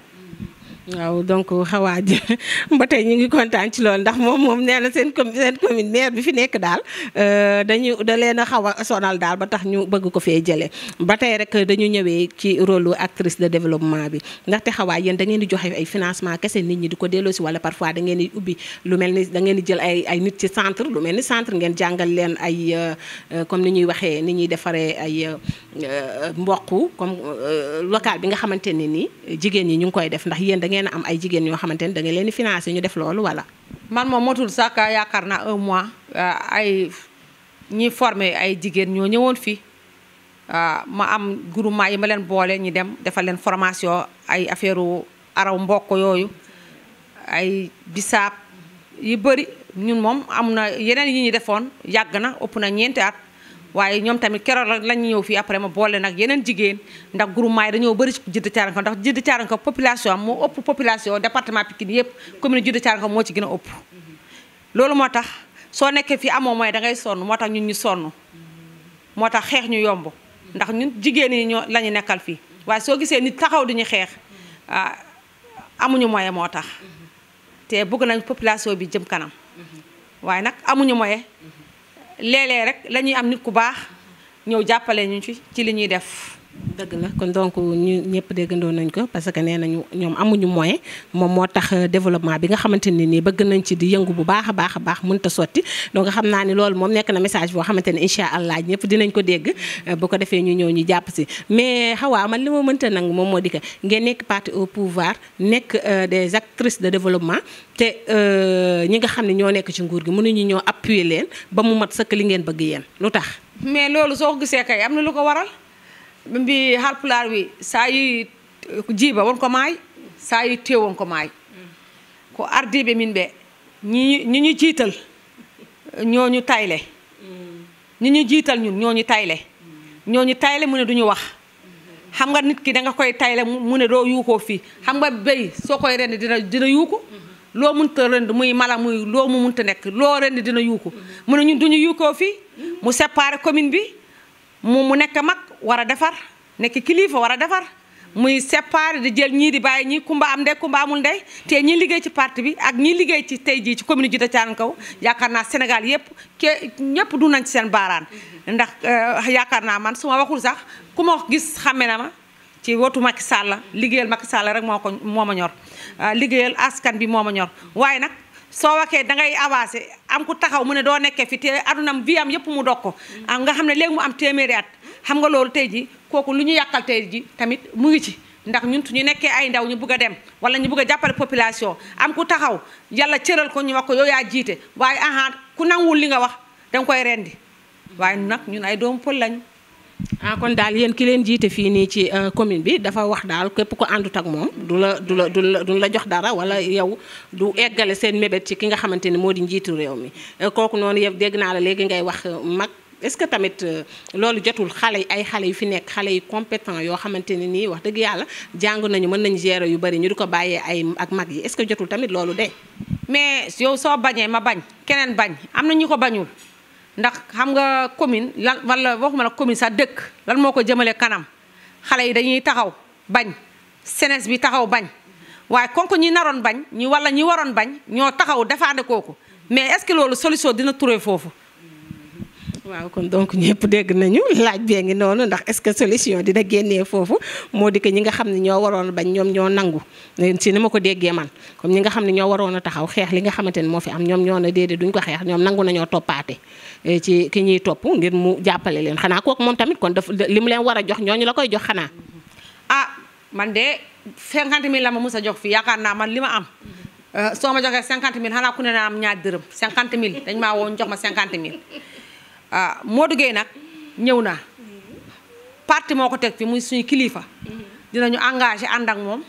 waaw donc xawaa ba tey ñu ngi kontaan ci loolu ndax moom moom nee na seen commune seen commune maire bi fi nekk daal euh, dañu da leen a xaw a sonal daal ba tax ñu bëgg ko fee jëlee ba tey rek dañu ñëwee ci rôle actrice de développement bi ndaxte xawaa yéen da ngeen di joxe ay financement kese nit ñi di ko delloosi wala parfois da ngeen di ubbi lu mel ni da ngeen di jël ay ay nit ci centre lu mel ni centre ngeen jàngal leen ay euh, comme ni ñuy waxee ni ñuy defaree ay euh, mboq comme local bi nga xamante ne ni jigéen ñi ñu ngi koy def ndax yéen ngeen am ay jigéen yoo xamante ne da ngeen leen di financé ñu def loolu wala. man moom motul sax yaakaar naa un mois euh, ay ñi formé ay jigéen ñoo ñëwoon fii euh, ma am groupement yi ma leen boole ñu dem defal leen formation ay affaire araw mbokk yooyu ay bisaab yu bëri ñun moom am na yeneen yi ñu defoon yàgg na ëpp na ñeenti at. waaye ñoom tamit keroog lañ ñëw fii après ma boole nag yeneen jigéen ndax groupement dañoo bëri Djiddah Thiaroye ndax Djiddah Thiaroye Kaw population am moo ëpp population département Pikine yëpp commune Djiddah Thiaroye Kaw moo ci gën ëpp loolu moo tax soo nekkee fii amoo mooy da ngay sonn moo tax ñun ñu sonn moo tax xeex ñu yomb ndax ñun jigéen yi ñoo la nekkal fii waaye soo gisee nit taxaw duñu xeex ah, amuñu moyen moo tax te bëgg nañ population bi jëm kanam mm-hmm. waaye nag amuñu moyen léeg-léeg rek la ñuy am nit ku baax ñëw jàppale ñu ci li ñuy def dëgg la kon donc ñu ñëpp déggandoo nañ ko ñoom amuñu moyen moom moo tax euh, développement bi nga xamante ne nii bëgg nañ ci di yëngu bu baax a baax a baax mënut sotti donc xam naa ni loolu moom nekk na message boo xamante ne incha allah ñëpp dinañ ko dégg euh, bu ko defee ñu ñëw ñu jàpp si mais xawaa man li ma mënta nag moom moo di que ngeen nekk parti au pouvoir nekk euh, des actrices de développement te ñi nga xam ne ñoo nekk ci nguur gi ñu ñëw appuye leen ba mu mat sëkk li ngeen bëgg yéen lu tax ɓe mbi harpulaar wi sayi yi eh, jiiba ko may sayi yi won ko may ko ardibe min ɓe ñu jiital ñooñu tayle ñu jiital ñun ñooñu tayle ñooñu tayle mu ne duñu wax xam nga nit ki da nga koy tayle mu ne doo ko fii xam nga bey soo koy rend dina dina lo mu ta rend muy mala muy lo mu munta nekk loo rend dina yuuku mu ne ñun duñu ko fii mu séparé commune bi mu mu nek mag war a defar nekk kilifa war a defar muy séparé di jël ñii di bàyyi ñi kumba am ndey kumba amul ndey te ñi liggéey ci parti bi ak ñii liggéey ci tey jii ci commune Djiddah Thiaroye Kaw yaakaar Sénégal yëpp ñëpp du nañ seen baaraan ndax euh, yaakaar naa man su ma waxul sax ku ma gis xàmme na ma ci wotu Macky sàll la liggéeyal Macky Sall rek moo ko moo ma ñor euh, liggéeyal askan bi moo ma ñor waaye nag soo waxee dangay avancé am ku taxaw mu ne doo nekkee fi te adunam vie am yëpp mu dog ko ah, nga xam ne léegi mu am téeméeri xam nga loolu tey ji kooku lu ñu yàqal tey ji tamit mu ngi ci ndax ñun ñu nekkee ay ndaw ñu bugg a dem wala ñu bugg a jàppale population am ku taxaw yàlla cëral ko ñu wax ko yow yaa jiite waaye ahaan ku nanguwul li nga wax danga koy rendi waaye nag ñun ay doomu pël lañu. ah kon daal yéen ki leen jiite fii nii ci euh, commune bi dafa wax daal képp ko àndut ak moom du la du la du la du la jox dara wala yow du eggale seen mébét ci ki nga xamante ni moo di njiitu réew mi euh, kooku noonu yow dégg naa la léegi ngay wax euh, mag. est-ce que tamit euh, loolu jotul xalé ay xalé yu fi nek xalé yu compétent yo xamanteni ni wax deug yalla jang nañu meun nañ gérer yu bari ñu diko bayé ay ak mag yi est-ce que jotul tamit loolu dé mais yow so bañé ma bañ keneen bañ amna na ñu ko bañul ndax xam nga commune wala waxuma la commune sa dekk lan moko jëmele kanam xalé yi dañuy taxaw bañ senes bi taxaw bañ waye konko ñi naron bañ ñi wala ñi waron bañ ño taxaw defaande koku mais est-ce que loolu solution dina trouver fofu waaw kon donc ñëpp dégg nañu laaj bee ngi noonu ndax est-ce que solution dina génnee foofu moo di que ñi nga xam ne ñoo waroon bañ ñoom ñoo nangu si ni ma ko déggee man comme ñi nga xam ne ñoo waroon a taxaw xeex li nga xamante ne moo fi am ñoom ñoo ne déedéet duñ ko xeex ñoom nangu e, ñuy topp ngir mu jàppale leen xanaa kooku moom tamit kon daf li mu leen war a jox ñooñu la koy jox xanaa ah man de cinquante mil la ma mus a jox fi yaakaar naa man li ma am e, soo ma joxee cinquante mille xanaa ku ne naa am ñaar dërëm cinquante mille dañ maa woon jox ma cinquante mille ah Modou Gueye nag ñëw naa parti moo ko teg fi muy suñu kilifa dinañu engagé ànd ak moom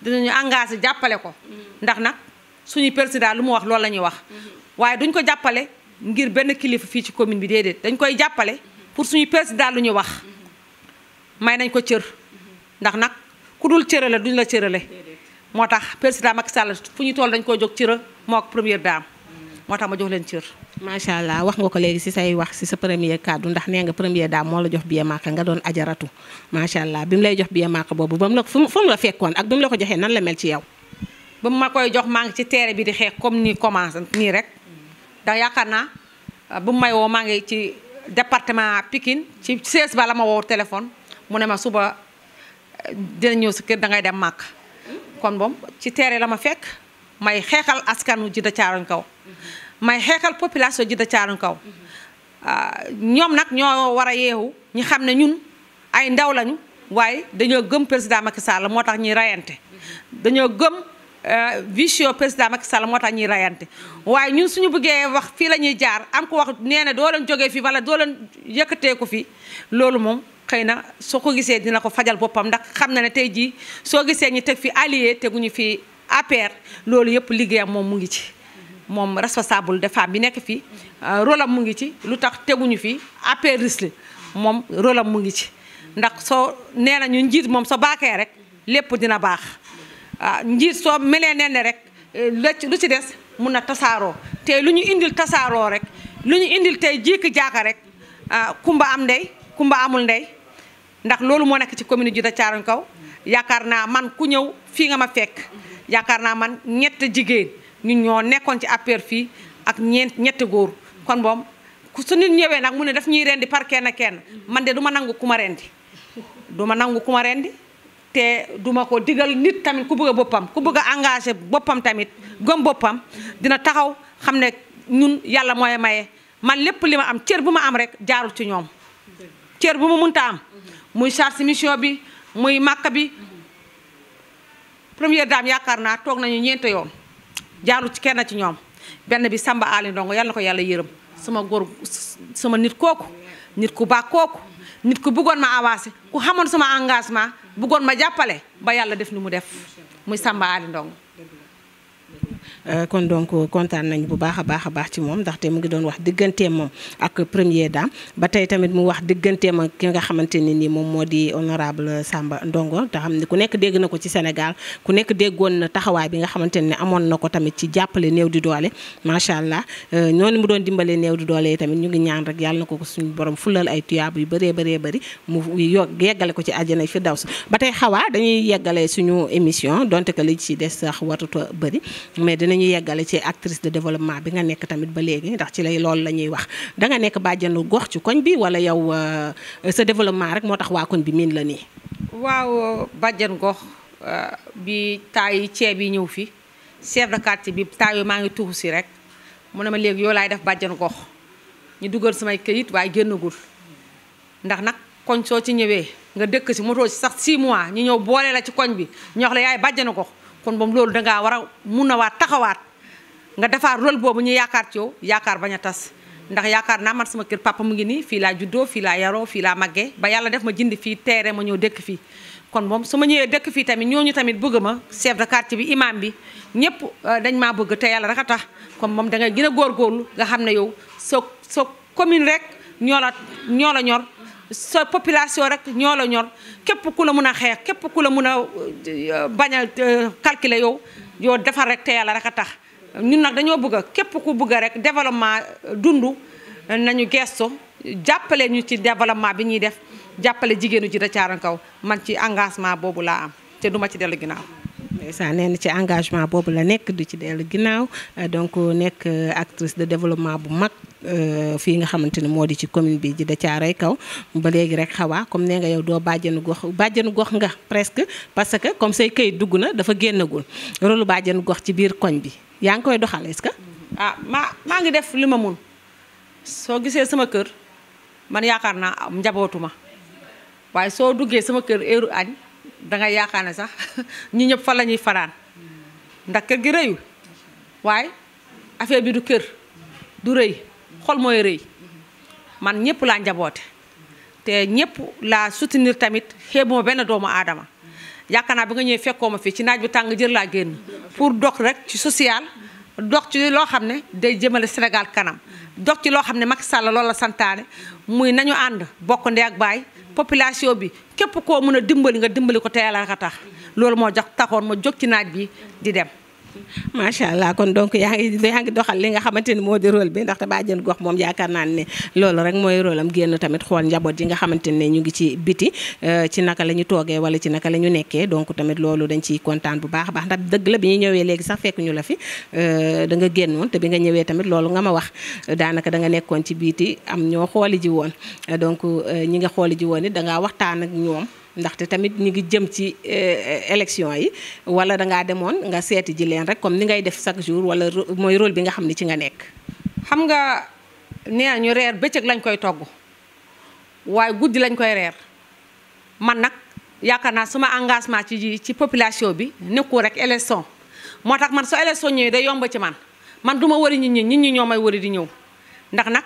dinañu engagé jàppale ko ndax nag suñu président lu mu wax loolu la ñuy wax waaye duñ ko jàppale ngir benn kilifa fii ci commune bi déedéet dañ koy jàppale pour suñu président lu ñuy wax may nañ ko cër ndax nag ku dul cërale duñ la cërale moo tax président Macky Sall fu ñu tool dañ koy jóg cëra moo ak première dame moo tax ma jox leen cër macha allah wax nga ko léegi si say wax si sa premier kàddu ndax nee nga première daal moo la jox billet Màkka nga doon ajaratu macha allah bi mu lay jox billet Màkka boobu ba mu la fu mu la fekkoon ak la ko joxee nan la ci yow. ba mu ma koy jox maa ngi ci teere bi di xeex comme ni commencé nii rek ndax yaakaar naa ah, bu may woo maa ngi ci département Pikine ci 16 ba la ma woo téléphone mu ne ma suba eh, dina ñëw si kër dangay dem Màkka mm-hmm. kon moom ci teere la ma fekk may xeexal askanu ji da caaroñ kaw. Mm-hmm. may xeexal population de Thiaroye Kaw ah, ñoom nag ñoo war a yeewu ñu xam ne ñun ay ndaw lañu waaye dañoo gëm président Macky Sall moo tax ñuy rayante dañoo gëm eh, vision président Macky Sall moo tax ñuy rayante waaye ñun suñu buggee wax fii la ñuy jaar am ko wax nee na doo leen jógee fii wala doo leen yëkkatee ko fii loolu moom xëy na soo ko gisee dina ko fajal boppam ndax xam na ne tey jii soo gisee ñu teg fi allié teguñu fi APR loolu yëpp liggéeyam moom mu ngi ci moom responsable de femme bi nekk fi euh, rôle am mu ngi ci lu tax teguñu fi apéris li moom rôle am mu ngi ci ndax so nee ñu moom soo baakee rek lépp dina baax ah, njiit soo melee nee ne rek euh, lu ci des mun na tasaaroo te lu ñu indil tasaaroo rek lu ñu indil tey jik jaaka rek ah, kumba am ndey kumba amul ndey ndax loolu moo nekk ci commune juda tiaran Kaw yaakaar naa man ku ñëw fi nga ma fekk yaakaar naa man ñett jigéen ñun ñoo nekkoon ci APR fii ak ñeent ñetti góor kon moom su nit ñëwee nag mu ne def ñuy rendi par kenn kenn man de duma ma nangu ku ma rendi du ma nangu ku ma rendi te duma ko digal nit tamit ku bëgg boppam ku bëgg a engagé boppam tamit gëm boppam dina taxaw xam ne ñun yàlla mooy maye man lépp li ma am cër bu ma am rek jaarul ci ñoom cër bu ma mënta am muy charge mission bi muy màkk bi première dame yaakaar naa toog nañu ñeent yoon jaarul ci kenn ci ñoom benn bi Samba Ali Ndongo yàlla ko yàlla yërëm sama góor sama nit kooku nit ku baax kooku nit ku buggoon ma avancé ku xamoon sama engagement bëggoon ma jàppale ba yàlla def ni mu def muy Samba Ali Ndongo Euh, kon donc kontaan nañ bu baax a baax a baax ci moom ndaxte mu ngi doon wax digganteem moom ak première daam ba tey tamit mu wax digganteem ak ki nga xamante ne nii moom moo di honorable Samba Ndongo te xam ne ku nekk dégg na ko ci Sénégal ku nekk déggoon na taxawaay bi nga xamante ne amoon na ko tamit ci jàppale néew di doole macha allah euh, noonu mu doon dimbalee néew di doole tamit ñu ngi ñaan rek yàlla na ko suñu borom fulal ay tuyaab yu bëree bëree bëri mu yo yeggale ko ci àjjana fi daw si ba tey xawaa dañuy yeggale suñu émission donte que li ci des sax warut lañuy yeggale ci actrice de développement bi nga nek tamit ba légui ndax ci lay loolu lañuy wax da nga nek badjanu gox ci koñ bi wala yow ce euh, développement rek motax wa koñ bi min la ni waaw badjan gox euh, bi tay ci bi ñew fi chef de quartier bi tay ma ngi tuuxu ci rek mu ne ma légui yow lay def badjan gox ñu duggal samay këyit way gennugul ndax nak koñ so ci ñewé nga dekk ci moto ci sax 6 mois ñu ñew boole la ci koñ bi ñox la yaay bàjjanu gox kon bom lolou da nga wara muna a taxawat nga defar lol bobu ñu yaakar ci yow yaakar baña tas ndax yaakar na man sama keur papa mu ngi ni fi la juddo fi la yaro fi la magge ba yalla def ma jindi fi téré ma ñëw dekk fi kon mom suma ñewé dekk fi tamit ñoñu tamit bëgg ma chef de quartier bi imam bi ñepp euh, dañ ma bëgg té yalla rek tax kon mom da ngay gën gor góorgóorlu nga xamné yow commune rek ñola ñola ñor sa population rek ñoo la ñor képp ku la mën a xeex képp ku la mën a euh, bañ a euh, calculer yow yow defar rek te yàlla rek a tax ñun nag dañoo bëgg képp ku bëgg rek développement euh, dund nañu gestu jàppale ñu ci développement bi ñuy def jàppale jigéenu Djiddah Thiaroye Kaw man ci engagement boobu laa am te duma ci dellu ginnaaw ndeysaan eh, nee na ci engagement boobu la nekk du ci dellu ginnaaw eh, donc nekk eh, actrice de développement bu mak fii nga xamante ne moo di ci commune bi ji da caaroy kaw ba léegi rek xawaa comme nee nga yow doo bàjjanu gox bàjjanu gox nga presque parce que comme say këyit dugg na dafa génnagul rôle bàjjanu gox ci biir koñ bi yaa ngi koy doxal est-ce que ah maa maa ngi def li ma mun soo gisee sama kër man yaakaar naa am njabootuma waaye soo duggee sama kër heure añ dangay yaakaar ne sax ñi ñëpp fa la ñuy fanaan ndax kër gi rëyul waaye affaire bi du kër du rëy xol mooy rëy man ñëpp laa njaboote te ñëpp laa soutenir tamit xeebuma benn doomu aadama yaakaar naa bi nga ñëwee fekkoo ma fii ci naaj bi tàng jër laa génn pour dox rek ci social dox ci loo xam ne day jëmale Sénégal kanam dox ci loo xam ne mag sàll loolu la santaane muy nañu ànd bokk nde ak baay population bi képp koo mën a dimbali nga dimbali ko teelal ka tax loolu moo jox taxoon ma jóg ci naaj bi di dem macha allah kon donc yaa ngi doxal li nga xamante ni moo di rôle bi ndaxte bàjjen gox moom yaakaar naa ne loolu rek mooy rôle am génn tamit xool njaboot yi nga xamante ne ñu ngi ci biti euh, ci naka la ñu toogee wala ci naka la ñu nekkee donc tamit loolu dañ ciy kontaan bu baax a baax ndax dëgg la bi ñu ñëwee léegi sax fekk ñu la fi euh, da nga génnoon te bi nga ñëwee tamit loolu nga ma wax daanaka danga nekkoon ci biiti am ñoo xooli ji woon donc euh, ñi nga xooli ji woon it da ngaa waxtaan ak ñoom ndaxte tamit ñu ngi jëm ci euh, euh, élection yi wala da ngaa demoon nga seeti ji leen rek comme ni ngay def chaque jour wala mooy role bi nga xam ne ci nga nekk. xam nga nee ñu reer bëccëg lañ koy togg waaye guddi lañ koy reer man nag yaakaar naa sama engagement ci ci population bi nekkul rek élection moo tax man soo élection ñëwee day yomb ci man man du ma wari nit ñi nit ñi ñoo may wari di ñëw ndax nag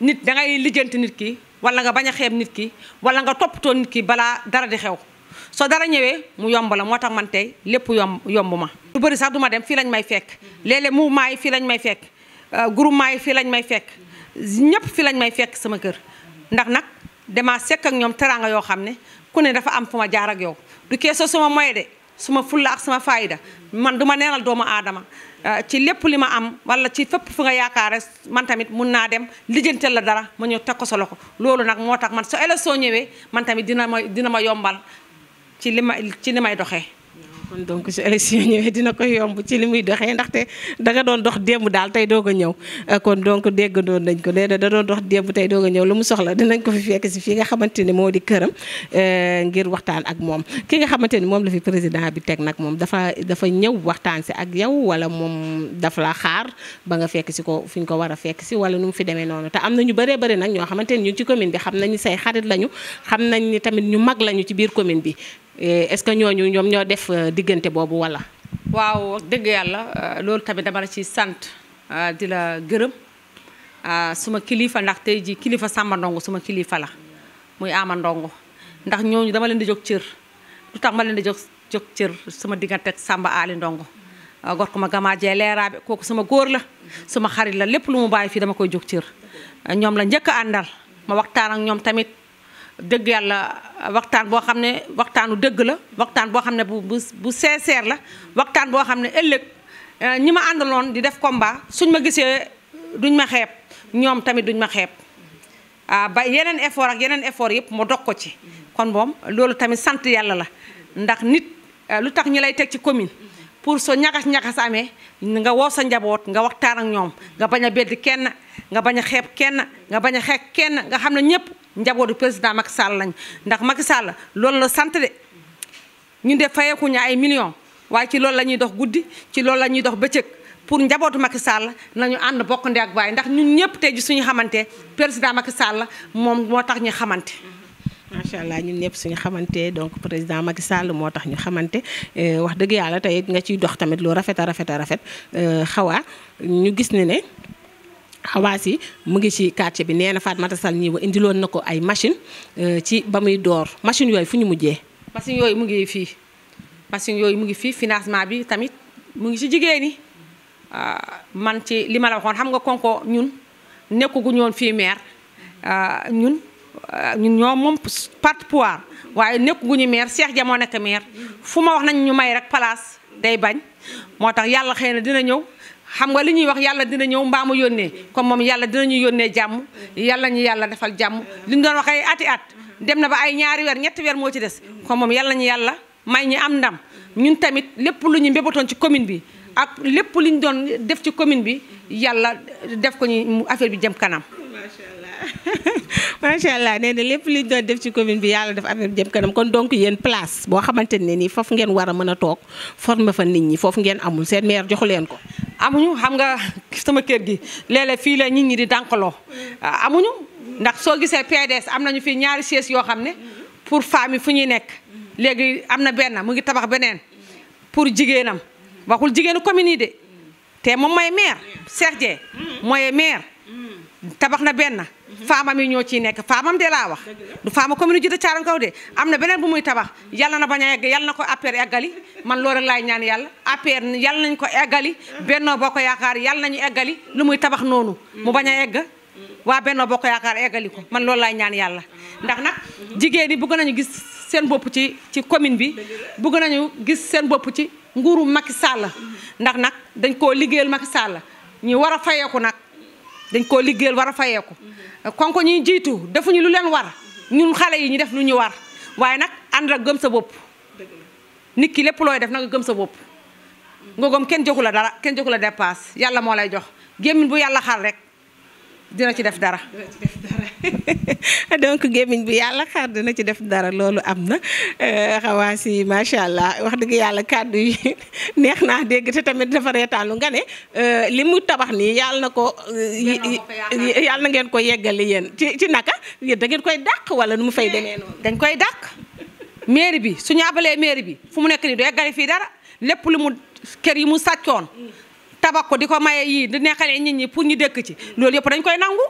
nit dangay lijjanti nit ki. wala nga bañ a xeeb nit ki wala nga toppatoo nit ki balaa dara di xew soo dara ñëwee mu yomb la moo tax man tey lépp yomb yomb ma. lu bëri sax duma dem fii lañ may fekk léeg-léeg mouvement yi fii lañ may fekk euh, groupement yi fii lañ may fekk ñëpp fii lañ may fekk sama kër ndax nag damaa sekk ak ñoom teraanga yoo xam ne ku ne dafa am fu ma jaar ak yow du keesoo sama moy de. suma fulla ak sama faayda man du ma neenal doomu aadama ah, ci lépp li ma am wala ci fépp fu nga yaakaare man tamit mun naa dem lijjantel la dara ma ñëw teg ko sa loxo loolu nag moo tax man soo ëllëg soo ñëwee man tamit dina ma dina ma yombal ci li ma ci li may doxee kon donc su élection dina ko yomb ci li muy doxee ndaxte danga doon dox démb daal tey doog a ñëw euh, kon donc déggandoon nañ ko nee na dox démb tey doog a ñëw lu mu soxla dinañ ko fi fekk si nga xamante ni moo di këram euh, ngir waxtaan ak moom ki nga xamante ni moom la fi président bi teg nag moom dafa dafa ñëw waxtaan si ak yow wala moom dafa la xaar ba nga fekk si ko fi ñu ko war a fekk si wala nu mu fi demee noonu te am na ñu bëree bëri nag ñoo xamante ni ñu ci commune bi xam nañu say xarit lañu xam nañ ni tamit ñu mag lañu ci biir commune bi Eh, est-ce que ñooñu ñoom ñoo def euh, diggante boobu walla. waaw dëgg yàlla euh, loolu tamit dama la ci sant euh, di la gërëm suma kilifa ndax tey ji kilifa Samba ndong suma kilifa la muy Ama ndong ndax ñooñu dama leen di jóg cër lu tax ma leen di jóg jóg cër suma diggante ak Samba Ali Ndongo. gor ko ma gamaa jee leeraabe kooku sama góor la suma xarit la lépp lu mu bàyyi fii dama koy jóg cër ñoom la njëkk a àndal ma waxtaan ak ñoom tamit. deug yalla waxtaan bo xamne ne waxtaanu dëgg la waxtaan bo xamne bu bu sincère la waxtaan bo xamne euh, ñima andalon di def combat suñ ma gisee duñ ma xép ñom tamit duñ ma xeeb ah, ba yenen effort ak yenen effort yëpp mo dog ko ci kon lolu tamit sante yalla la ndax nit euh, lutax ñi lay tek ci commune pour so ñagas-ñagas amé nga wo sa njabot nga waxtaan ak ñom nga baña a kenn nga baña xép kenn nga baña xék kenn nga ñepp njabootu président Macky Sall lañ ndax Macky Sall loolu la sant de ñu def fayeekuñu ay millions waaye ci loolu la ñuy dox guddi ci loolu la ñuy dox bëccëg pour njabootu Macky Sall nañu ànd bokk ndey ak baay ndax ñun ñëpp tey suñu xamante président Macky Sall moom moo tax ñu xamante. macha allah ñun ñëpp suñu xamante donc président Macky Sall moo tax ñu xamante euh, wax dëgg yàlla tey nga ciy dox tamit lu rafet a rafet a rafet euh, xawaa ñu gis ne ne. xawaas yi mu ngi ci quartier bi nee na Fatmata Sall ñii wa indiloon na ko ay machine euh, ci ba muy door machine yooyu fu ñu mujjee machine yooyu mu ngi fii machine yooyu mu ngi fii financement bi tamit mu ngi ci jigéen ñi euh, man ci li ma la waxoon xam nga konko ñun nekkugu ñoon fii maire euh, ñun ñun ñoom moom part pouvoir waaye nekkuguñu maire Cheikh Dia moo nekk maire fu ma wax nañ ñu may rek place day bañ moo tax yàlla xëy na dina ñëw xam nga li ñuy wax yàlla dina ñëw mbaa yónnee comme moom yàlla dina ñu yónnee jàmm yàlla ñu yàlla defal jàmm li ñu doon wax ay ati at dem na ba ay ñaari weer ñetti weer moo ci des comme moom yàlla ñu yàlla may ñi am ndam ñun tamit lépp lu ñu mbébatoon ci commune bi ak lépp li ñu doon def ci commune bi yàlla def ko ñu affaire bi jëm kanam. macha allah na lépp li ñu def ci commune bi yàlla def affaire bi kon donc yéen place boo xamante ne nii foofu ngeen war a mën a toog former fa nit ñi foofu ngeen amul seen maire joxu leen ko. amuñu xam nga sama kër gi léeg fii la nit ñi di dànkaloo amuñu ndax soo gisee PDS am nañu fii ñaari chaise yoo xam ne pour femme fu ñuy nekk léegi am na benn mu ngi tabax beneen pour jigéenam waxul jigéenu commune yi de te moom mooy maire Cheikh Dieng mooy maire tabax na benn faamam yi ñoo ci nekk faamam de laa wax du faama commune Djiddah Thiaroye Kaw de am na beneen bu muy tabax yàlla na bañ a egg yàlla na ko APR eggali man loolu lay laay ñaan yàlla APR yàlla nañ ko eggali Benno Bokk Yaakaar yàlla nañu eggali lu muy tabax noonu mu bañ a egg waa Benno Bokk Yaakaar eggali ko man loolu laay ñaan yàlla ndax nag jigéen ñi bëgg nañu gis seen bopp ci ci commune bi bëgg nañu gis seen bopp ci nguuru Macky Sall ndax nag dañ koo liggéeyal Macky Sall ñu war a fayeeku nag dañ koo liggéey war a fayeeku kon ko ñuy jiitu defuñu lu leen war ñun xale yi ñu def lu ñu war waaye nag ànd ak gëm sa bopp nit ki lépp looy def na nga gëm sa bopp nga gëm kenn joxu la dara kenn jógu la dépasse yàlla moo lay jox gémmiñ bu yàlla xal rek dina ci def dara ci def dara donc gémmiñ bi yàlla xaar dina ci def dara loolu am na xawaa euh, si macha allah wax dëgg yàlla kàddu yi neex naa dégg te tamit dafa reetaanlu nga ne euh, li mu tabax nii yàlla na ko euh, yàlla na ngeen ko yeggali yéen ci ci naka yéen da ngeen koy dàq wala nu mu fay demee noonu dañ koy dàq mairie bi suñu abalee mairie bi fu mu nekk nii du yeggali fii dara lépp lu mu kër yi mu sàccoon mm. tabax ko di ko maye yii di neexalee nit ñi pour ñu dëkk ci loolu yëpp dañ koy nangu.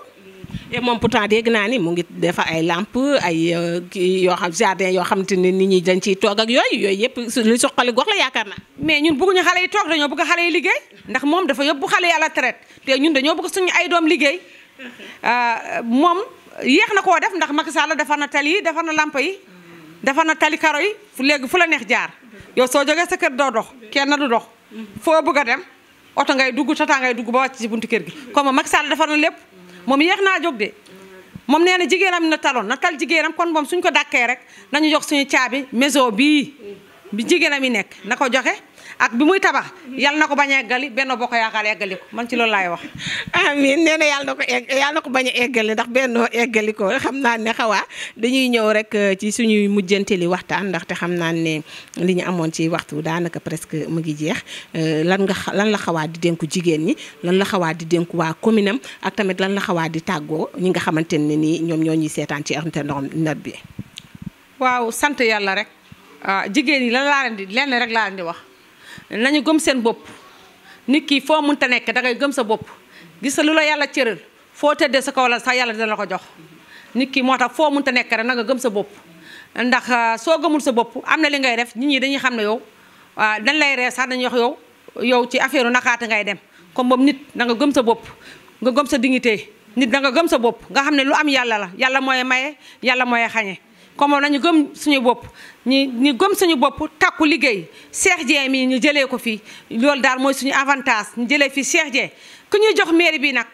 et moom pourtant dégg naa ni mu ngi defa ay làmp ay euh, kii yoo xam jardin yoo xamante ne nit ñi dañ ciy toog ak yooyu yooyu yëpp li soxali gox la yaakaar na mais ñun bëgguñu xale yi toog dañoo bëgg xale yi liggéey ndax moom dafa yóbbu xale yàlla à te ñun dañoo bugg suñu ay doom liggéey euh, moom yéex na koo def ndax Macky Sall defar na tali yi defar na lampe yi defar na tali karo yi léegi fu la neex jaar yow soo jógee sa doo dox kenn du dox foo bëgg a dem. oto ngay dugg tata ngay dugg ba wàcc ci buntu kër gi comme Macky Sall defar na lépp moom yéex naa jóg de moom nee na jigéenam na taloon na tal jigéenam kon moom suñ ko dàkkee rek nañu jox suñu caabi maison bii bi jigéenam yi nekk na ko joxe ak bi muy tabax yal nako baña egali a eggali benn egali ko yaakaar ko man ci lool lay wax. amin neena yalla yal yalla nako baña egali ndax benn egali ko xamna ne xawa dañuy ñew rek euh, ci suñu mujjenteli waxtaan ndax te xamna ne liñu amone ci waxtu daanaka presque mu ngi jeex euh, lan nga lan la xawa di denku jigen ni lan la xawa di denku wa commune ak tamit lan la xawa di taggo ñi nga ni ñom ñoy ñi sétane ci seetaan ci nat bi. waaw sante yalla rek ah, jigen ni lan la len di len rek la len di wax. nañu gëm seen bopp nit ki foo mun mënta nekk dangay gëm sa bopp gis sa lu la yàlla cëral foo tëddee sa kaw la sax yàlla dina la ko jox nit ki moo tax foo mun mënta nekk rek na nga gëm sa bopp ndax ah, soo gëmul sa bopp am na li ngay def nit ñi dañuy xam ne yow ah, dañ lay ree sax dañuy wax yow yow ci affaire u ngay dem comme boobu nit na nga gëm sa bopp nga gëm sa dignité nit na nga gëm sa bopp nga xam ne lu am yàlla la yàlla mooy maye yàlla mooy xa comme nañu gëm suñu bopp ñi ñi gëm suñu bopp takku liggéey Cheikh Dieng mii ñu jëlee ko fi loolu daal mooy suñu avantage ñu jëlee fi Cheikh Dieng ku ñuy jox mairie bi nag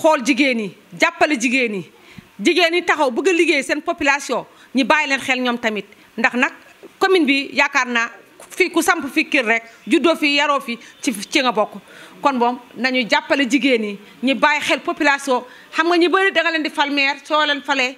xool jigéen yi jàppale jigéen yi jigéen yi taxaw bëgg a liggéey seen population ñu bàyyi leen xel ñoom tamit ndax nag commune bi yaakaar naa fii ku samp fi kër rek juddoo fi yaroo fi ci ci nga bokk kon boom nañu jàppale jigéen ñi ñu bàyyi xel population xam nga ñu bëri da leen di fal maire soo leen falee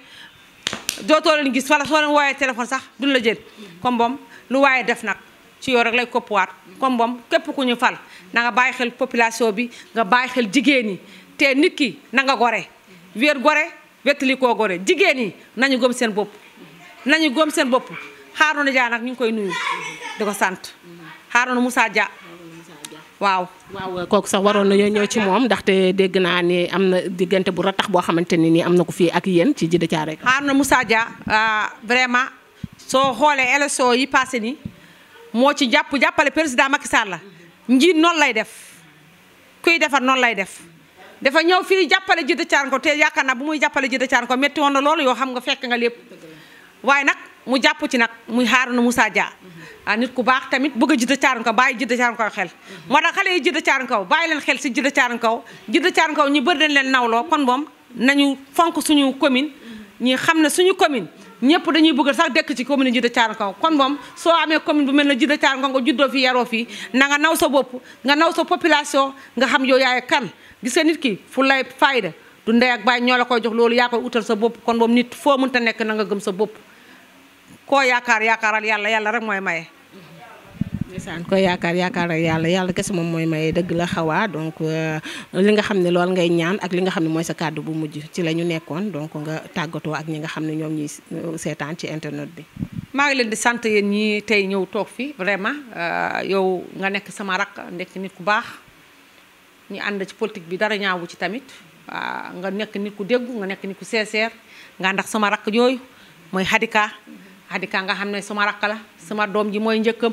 dootoo leen gis wala soo leen woowee téléphone sax duñ la jël kombom lu waaye def nag ci yoor rek lay koppuwaat comme képp ku ñu fal na nga bàyyi xel population bi nga bàyyi xel jigéen ñi te nit ki na nga gore wéer gore wettali koo gore jigéen ñi nañu gëm seen bopp nañu gëm seen bopp Harouna Dia jaanak ñu ngi koy nuyu di ko sant Harouna Moussa Dia waaw waaw kooku sax waroon na nañoo ñëw ci moom ndaxte dégg naa ni am na diggante bu ratax boo xamante ni nii am na ko fii ak yéen ci Djida Thiaroye Kao. Harouna Moussa Dia euh, vraiment soo xoolee élection yi passé ni moo ci jàpp jàppale président Macky la njiit noon lay def kuy defar noonu lay def. dafa ñëw fii jàppale Djida Thiaroye Kao te yaakaar naa bu muy jàppale Djida Thiaroye Kao métti woon na loolu yoo xam nga fekk nga lépp waaye nag. mu jàpp ci nag muy Harouna Moussa Dia ah, nit ku baax tamit bëgg a jidda caaran kaw bàyyi jidda caaran kaw xel moo tax xale yi jidda caaran kaw bàyyi leen xel si jidda caaran kaw jidda caaran kaw bëri dañ leen nawloo kon moom nañu fonk suñu commune ñi xam ne suñu commune ñëpp dañuy bëgg sax dëkk ci commune jidda caaran kaw kon moom soo amee commune bu mel ne jidda caaran kaw nga juddoo fi yaroo fi na nga naw sa bopp nga naw sa population nga xam yow yaay kan gis nga nit ki fu lay fayda du ndey ak bàyyi ñoo la koy jox loolu yaa koy sa bopp kon moom nit foo mënta nekk na nga gëm sa bopp ko yakar yakaral yalla yalla rek moy maye. ndeysaan ko yakar yakaral yalla yalla kess mom moy maye deug la xawa donc li nga xamni lol ngay ñaan ak li nga xamni moy sa cadeau bu mujj ci lañu ñu donc nga tàggatoo ak ñi nga xam ne ñoom ci internet bi. ma ngi leen di sante yeen ñi tay ñew tok fi vraiment euh, yow nga nekk sama rak nek nit ku baax ñi and ci politique bi dara ñaawu ci tamit nga nek nit ku deggu nga nek nit ku sincère nga ndax sama Xadika nga xamne suma rak la suma dom ji mooy euh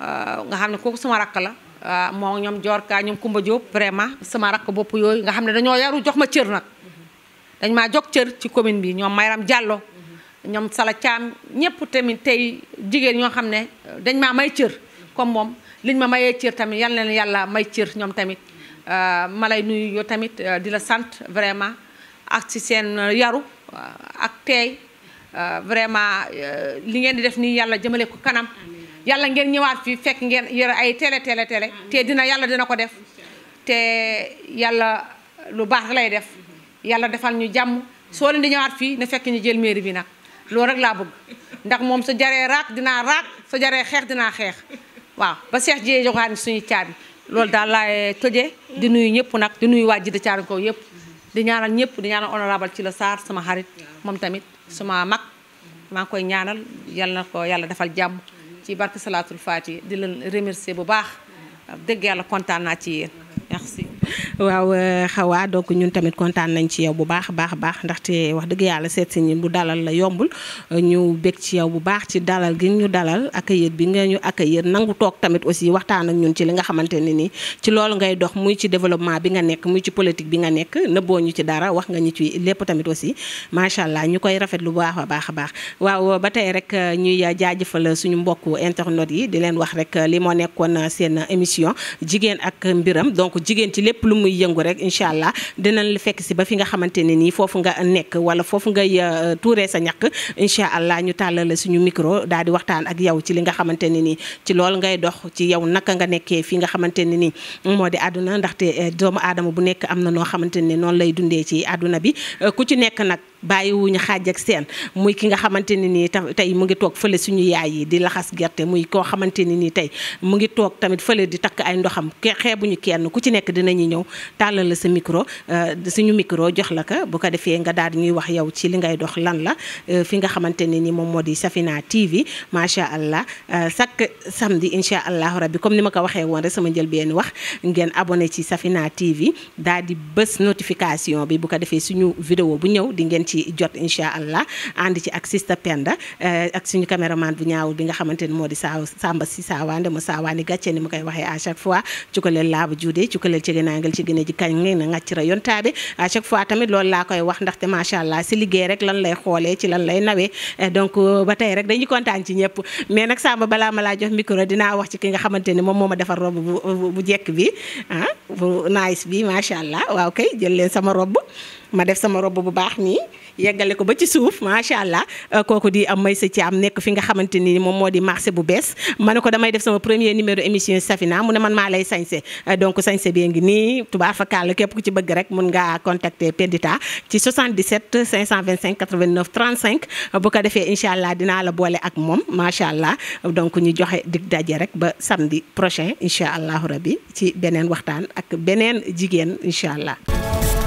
ah, nga xamne koku suma rak la ah, ñom jor ka ñom Kumba Diop vraiment suma rak bop yooyu nga xamne dañu yaru jox ma cër nak dañ ma jox cër ci commune bi ñom Mayram Diallo ñom Sala cham ñepp tamit tay jigeen ño xamne dañ ma may cër comme mom liñ ma maye cër tamit yal na leen may cër ñom tamit euh ah, malay nuyu yo tamit di la sant vraiment ak ci sen yaru ak tay Euh, vraiment euh, li ngeen di def nii yàlla jëmale ko kanam yàlla ngeen ñëwaat fii fekk ngeen yore ay télé télé télé te dina yàlla dina ko def te yàlla lu baax lay def yàlla defal ñu jàmm soo leen di ñëwaat fii na fekk ñu jël mairie bi nag loolu rek laa bëgg ndax moom su jaree raak dinaa raak su jaree xeex dinaa xeex waaw ba seex jiyee joxaat suñu caabi loolu daal laay tëjee di nuyu ñëpp nag di nuyu waa di Caaroy Kaw yëpp di ñaanal ñëpp di ñaanal honorable ci la saar sama xarit moom tamit suma mag maa koy ñaanal yàlla na ko yàlla defal jàmm ci barke salaatul faati di leen remercier bu baax dëgg yàlla kontaan naa ci yéen merci waaw euh, xawaa donc ñun tamit kontaan nañ ci yow bu baax a baax a baax ndaxte wax dëgg yàlla seet si ñi bu dalal la yombul euh, ñu bég ci yow bu baax ci dalal gi ñu dalal accueillir bi nga ñu accueillir nangu toog tamit aussi waxtaan ak ñun ci li nga xamante ne nii ci loolu ngay dox muy ci développement bi nga nekk muy ci politique bi nga nekk nëbboo ñu ci dara wax nga ñu ci lépp tamit aussi macha allah ñu koy rafet lu baax a baax a baax waaw ba tey rek euh, ñuy jaajëfal suñu mbokku internet yi di leen wax rek li moo nekkoon seen émission jigéen ak mbiram lépp lu muy yëngu rek incha allah dinañ lu fekk si ba fi nga xamante ne nii foofu nga nekk wala foofu ngay euh, tuuree sa ñaq incha allah ñu tàllal la suñu micro daal di waxtaan ak yow ci li nga xamante ne nii ci loolu ngay dox ci yow naka nga nekkee fi nga xamante ne nii moo di àdduna ndaxte euh, doomu aadama bu nekk am na noo xamante ne noonu lay dundee ci àdduna bi euh, ku ci nekk nag bàyyiwuñu xaaj ak seen muy ki nga xamante ne nii tey mu ngi toog fële suñu yaay yi di laxas gerte muy koo xamante ne nii tey mu ngi toog tamit fële di takk ay ndoxam xeebuñu kenn ku ci nekk dinañu ñëw tàllal la sa micro euh, suñu micro jox la ko bu ko defee nga daal di ñuy wax yow ci li ngay dox lan la euh, fi nga xamante ne nii moom moo di Safina TV macha allah euh, chaque samedi incha allahu rabbi comme ni ma ko waxee woon rek sama njëlbeen wax ngeen abonné ci Safina TV daal di bës notification bi bu ko defee suñu vidéo bu ñëw di ci ci jot incha allah ànd ci ak sista Penda eh, ak suñu caméraman bu ñaawul bi nga xamante ni moo di saa Samba si saawaande mu saawaani gàcce ni mu koy waxee à chaque fois ci gënaangal ci a laa koy wax ci lan lay eh, euh, ci ñëpp ci ki nga xamante ni moom moo ma defar rob bu bu jekk bi ah, nice bi macha allah waaw kay jël leen sama rob ma def sama robe bu baax nii yeggale ko ba ci suuf macha allah euh, kooku di am may sa ci am nekk fi nga xamante ni moom moo di marché bu bees ma ne ko damay def sama premier numéro émission Safina mu ne man maa lay sañse euh, donc sañse bee ngi nii fa fakkaal képp ku ci bëgg rek mun ngaa contacter pendita ci 77 525 89 35 bu ko defee incha allah dinaa la boole ak moom macha allah donc ñu joxe dig daje rek ba samedi prochain incha allahu rabbi ci beneen waxtaan ak beneen jigéen incha allah